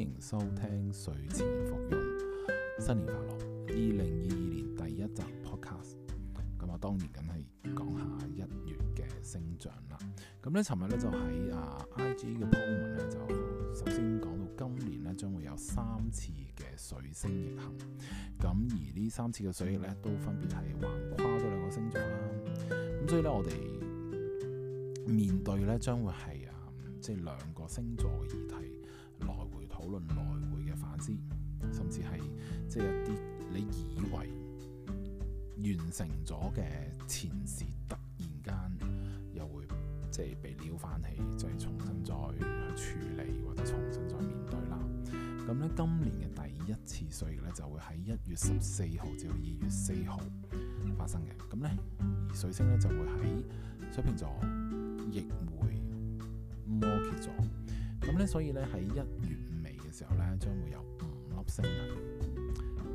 歡迎收聽睡前服用，新年快樂！二零二二年第一集 podcast，咁啊，當然梗係講下一月嘅星象啦。咁咧，尋日咧就喺啊、uh, IG 嘅 po 文咧，就首先講到今年咧將會有三次嘅水星逆行，咁而呢三次嘅水逆咧都分別係橫跨咗兩個星座啦。咁所以咧，我哋面對咧將會係啊，即係兩個星座嘅議題。論來回嘅反思，甚至係即係一啲你以為完成咗嘅前事，突然間又會即係被撩翻起，就係、是、重新再去處理，或者重新再面對啦。咁咧，今年嘅第一次水逆咧，就會喺一月十四號至到二月四號發生嘅。咁咧，而水星咧就會喺水瓶座，亦會摩羯座。咁咧，所以咧喺一月。時候咧，將會有五粒星人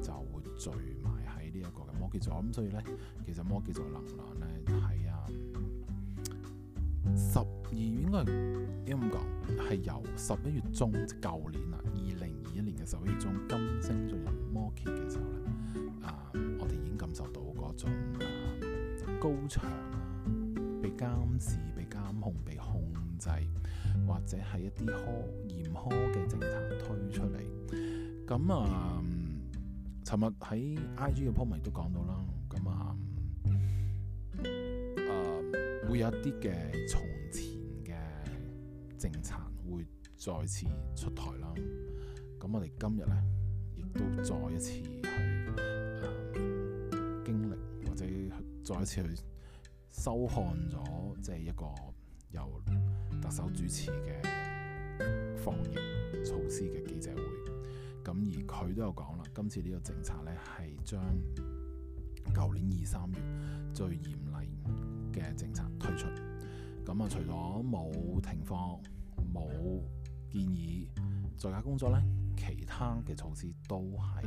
就會聚埋喺呢一個摩羯座咁，所以咧，其實摩羯座能量咧係啊十二月應該咁講？係由十一月中舊年啊，二零二一年嘅十一月中金星進入摩羯嘅時候咧，啊、嗯，我哋已經感受到嗰種、啊、高牆啊，被監視、被監控、被控制。或者係一啲苛嚴苛嘅政策推出嚟，咁啊，尋日喺 IG 嘅 po 文都講到啦，咁啊，誒、嗯嗯、會有一啲嘅從前嘅政策會再次出台啦，咁我哋今日呢，亦都再一次去、嗯、經歷，或者再一次去收看咗，即係一個由特首主持嘅防疫措施嘅記者會，咁而佢都有講啦，今次呢個政策咧，係將舊年二三月最嚴厲嘅政策推出，咁啊除咗冇停課、冇建議，在家工作咧，其他嘅措施都係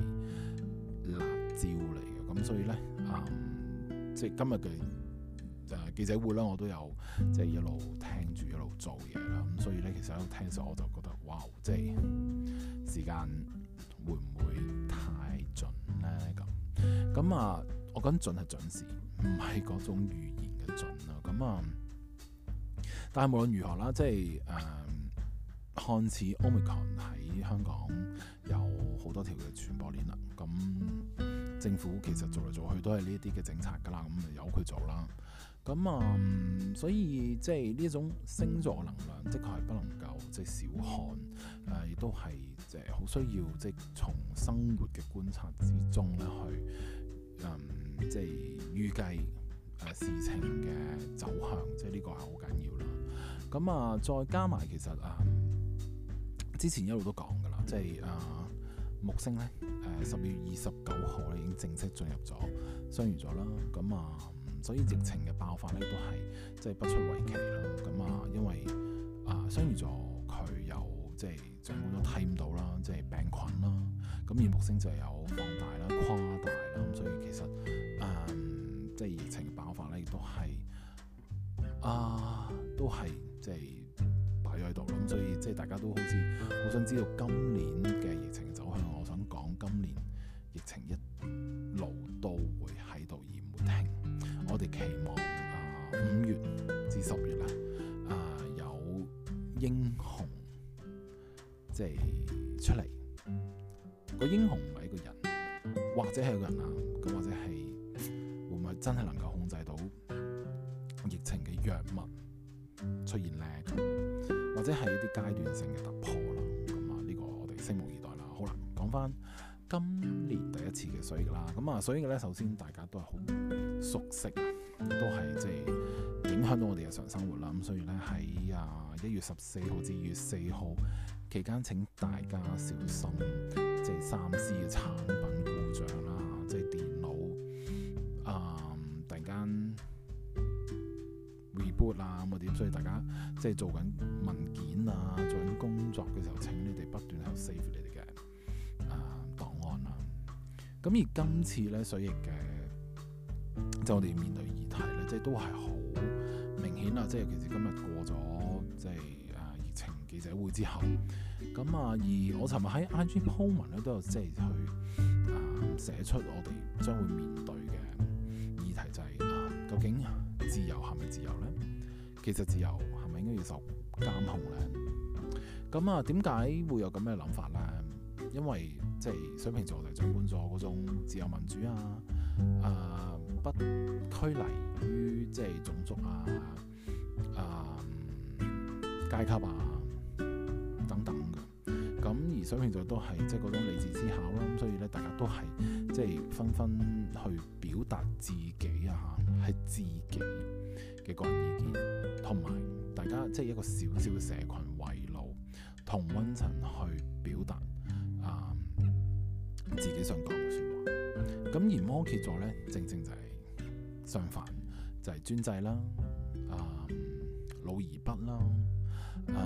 辣招嚟嘅，咁所以咧，啊、嗯，即係今日嘅。記者會咧，我都有即係一路聽住，一路做嘢啦。咁所以咧，其實喺度聽時，我就覺得哇，即係時間會唔會太準咧？咁咁啊，我覺得準係準時，唔係嗰種語言嘅準啊。咁啊，但係無論如何啦，即係誒、呃，看似 Omicron 喺香港有好多條嘅傳播鏈啦。咁政府其實做嚟做去都係呢一啲嘅政策噶啦，咁由佢做啦。咁啊、嗯，所以即係呢一種星座能量，的確係不能夠即係小看，誒、呃，亦都係誒好需要即係從生活嘅觀察之中咧去，嗯，即係預計誒事情嘅走向，即係呢個係好緊要啦。咁啊，再加埋其實啊、嗯，之前一路都講噶啦，即係啊、呃、木星咧，誒、呃、十月二十九號咧已經正式進入咗相遇咗啦，咁啊。嗯所以疫情嘅爆發咧，都係即係不出為奇啦。咁啊，因為啊雙魚座佢有即係政府都睇唔到啦，即係病菌啦。咁而木星就有放大啦、誇大啦。咁、嗯、所以其實誒、嗯、即係疫情爆發咧，亦都係啊，都係即係擺咗喺度。咁、嗯、所以即係大家都好似好想知道今年嘅。英雄即係出嚟，個英雄唔係一個人，或者係一個人啊，咁或者係會唔會真係能夠控制到疫情嘅藥物出現咧？或者係一啲階段性嘅突破啦？咁啊，呢個我哋拭目以待啦。好啦，講翻今年第一次嘅水以啦，咁啊，所以咧，首先大家都係好熟悉。都係即係影響到我哋日常生活啦，咁所以咧，喺啊一月十四號至二月四號期間，請大家小心即係三 C 嘅產品故障啦，即係電腦啊、呃、突然間 reboot 啦，咁啊點，所以大家即係做緊文件啊，做緊工作嘅時候，請你哋不斷去 save 你哋嘅、呃、檔案啦。咁而今次咧，所以嘅即係我哋要面對即係都係好明顯啦，即係其實今日過咗即係誒疫情記者會之後，咁啊而我尋日喺 IG 鋪文咧都有即係去誒寫出我哋將會面對嘅議題就係、啊、究竟自由係咪自由咧？其實自由係咪應該要受監控咧？咁啊點解會有咁嘅諗法咧？因為即係水瓶座就係掌管嗰種自由民主啊，誒、呃，不拘泥於即係種族啊，誒、呃、階級啊等等嘅，咁而水瓶座都係即係嗰種理智思考啦，咁所以咧，大家都係即係紛紛去表達自己啊，係自己嘅個人意見，同埋大家即係一個小小嘅社群圍爐，同溫層去表達誒、呃、自己想講嘅說話。咁而摩羯座咧，正正就係相反，就係、是、專制啦，啊、嗯、老而不啦，啊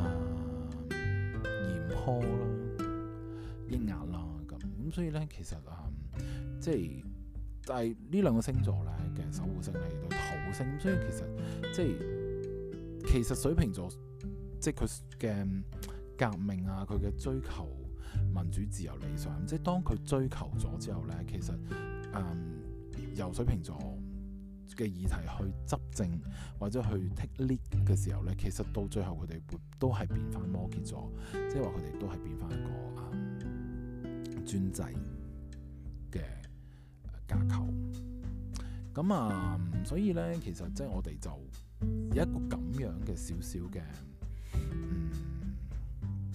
嚴苛啦，抑壓啦咁。咁、嗯、所以咧，其實啊、嗯，即係但係呢兩個星座咧嘅守護星係土星、嗯，所以其實即係其實水瓶座即係佢嘅革命啊，佢嘅追求。民主自由理想，即係當佢追求咗之後咧，其實誒由、呃、水瓶座嘅議題去執政或者去 take lead 嘅時候咧，其實到最後佢哋會都係變翻摩羯座，即係話佢哋都係變翻一個呃專制嘅架構，咁啊、呃，所以咧其實即係我哋就有一個咁樣嘅少少嘅嗯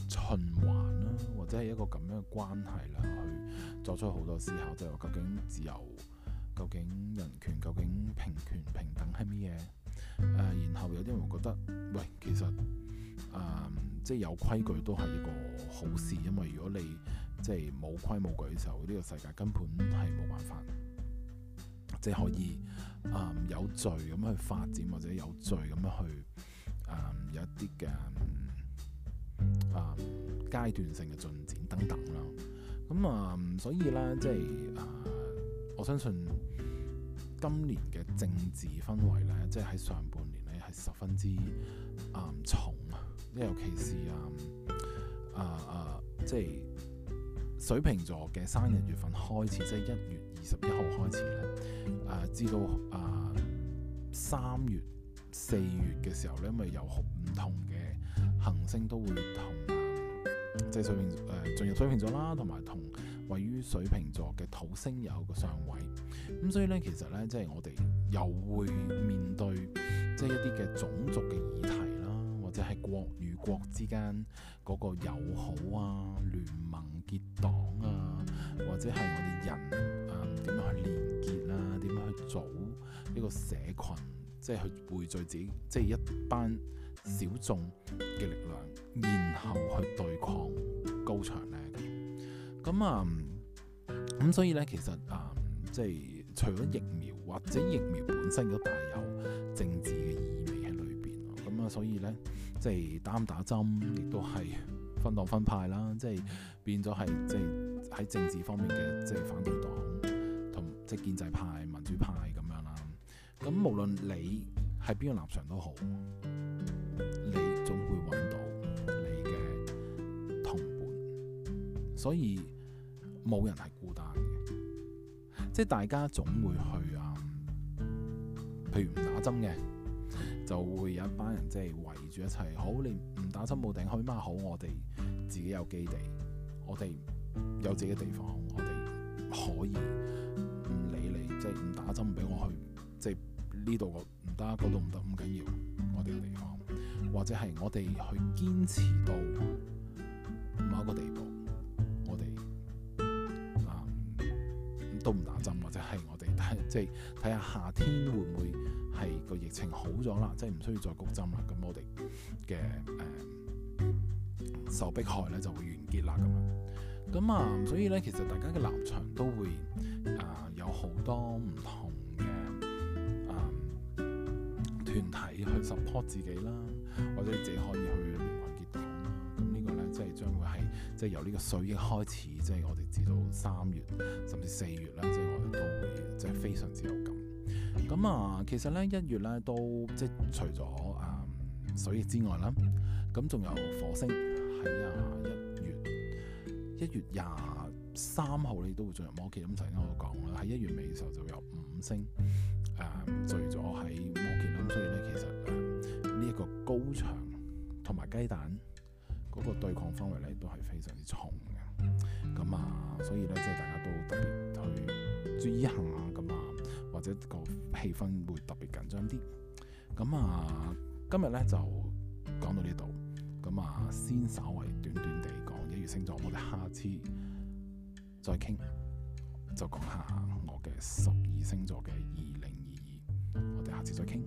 循環。即係一個咁樣嘅關係啦，去作出好多思考，即係究竟自由、究竟人權、究竟平權平等係乜嘢？誒、呃，然後有啲人會覺得，喂，其實誒、呃，即係有規矩都係一個好事，因為如果你即係冇規冇矩嘅時候，呢個世界根本係冇辦法，即係可以誒、呃、有序咁樣去發展，或者有序咁樣去誒、呃、有一啲嘅誒。嗯呃階段性嘅進展等等啦，咁、嗯、啊，所以咧，即係啊、呃，我相信今年嘅政治氛圍咧，即係喺上半年咧係十分之啊、呃、重，因為尤其是啊、呃、啊，即係水瓶座嘅生日月份開始，即係一月二十一號開始咧，啊、呃，至到啊三、呃、月四月嘅時候咧，因為有唔同嘅行星都會同。即係水瓶誒、呃、進入水瓶座啦，同埋同位於水瓶座嘅土星有一個相位，咁所以咧，其實咧，即係我哋又會面對即係一啲嘅種族嘅議題啦，或者係國與國之間嗰個友好啊、聯盟結黨啊，或者係我哋人啊點、嗯、樣去連結啊，點樣去組呢個社群，即係去匯聚自己即係一班小眾嘅力量。然後去對抗高牆呢，咁啊，咁、嗯、所以咧，其實啊、嗯，即係除咗疫苗或者疫苗本身都帶有政治嘅意味喺裏邊，咁啊，所以咧，即係打唔打針亦都係分黨分派啦，即係變咗係即係喺政治方面嘅即係反對黨同即係建制派民主派咁樣啦。咁無論你係邊個立場都好。所以冇人係孤單嘅，即係大家總會去啊、嗯。譬如唔打針嘅，就會有一班人即係圍住一齊。好，你唔打針冇頂開嘛？好，我哋自己有基地，我哋有自己嘅地方，我哋可以唔理你，即係唔打針俾我去，即係呢度我唔得，嗰度唔得，咁緊要，我哋嘅地方。或者係我哋去堅持到某一個地步。睇下夏天會唔會係個疫情好咗啦，即係唔需要再谷針啦。咁我哋嘅誒受迫害咧就會完結啦咁樣咁啊，所以咧其實大家嘅立場都會啊、呃、有好多唔同嘅啊團體去 support 自己啦，或者你自己可以。即係由呢個水逆開始，即係我哋至到三月甚至四月咧，即係我哋都會即係非常之有感。咁、嗯、啊，其實咧一月咧都即係除咗啊、嗯、水逆之外啦，咁仲有火星喺啊一月一月廿三號你都會進入摩羯，咁頭先我講啦，喺一月尾嘅時候就有五星誒聚咗喺摩羯，咁、嗯、所以咧其實呢一、這個高牆同埋雞蛋。嗰個對抗氛圍咧都係非常之重嘅，咁啊，所以咧即係大家都特別去注意一下，咁啊，或者個氣氛會特別緊張啲。咁啊，今日咧就講到呢度，咁啊，先稍微短短地講一月星座，我哋下次再傾，就講下我嘅十二星座嘅二零二二，我哋下次再傾。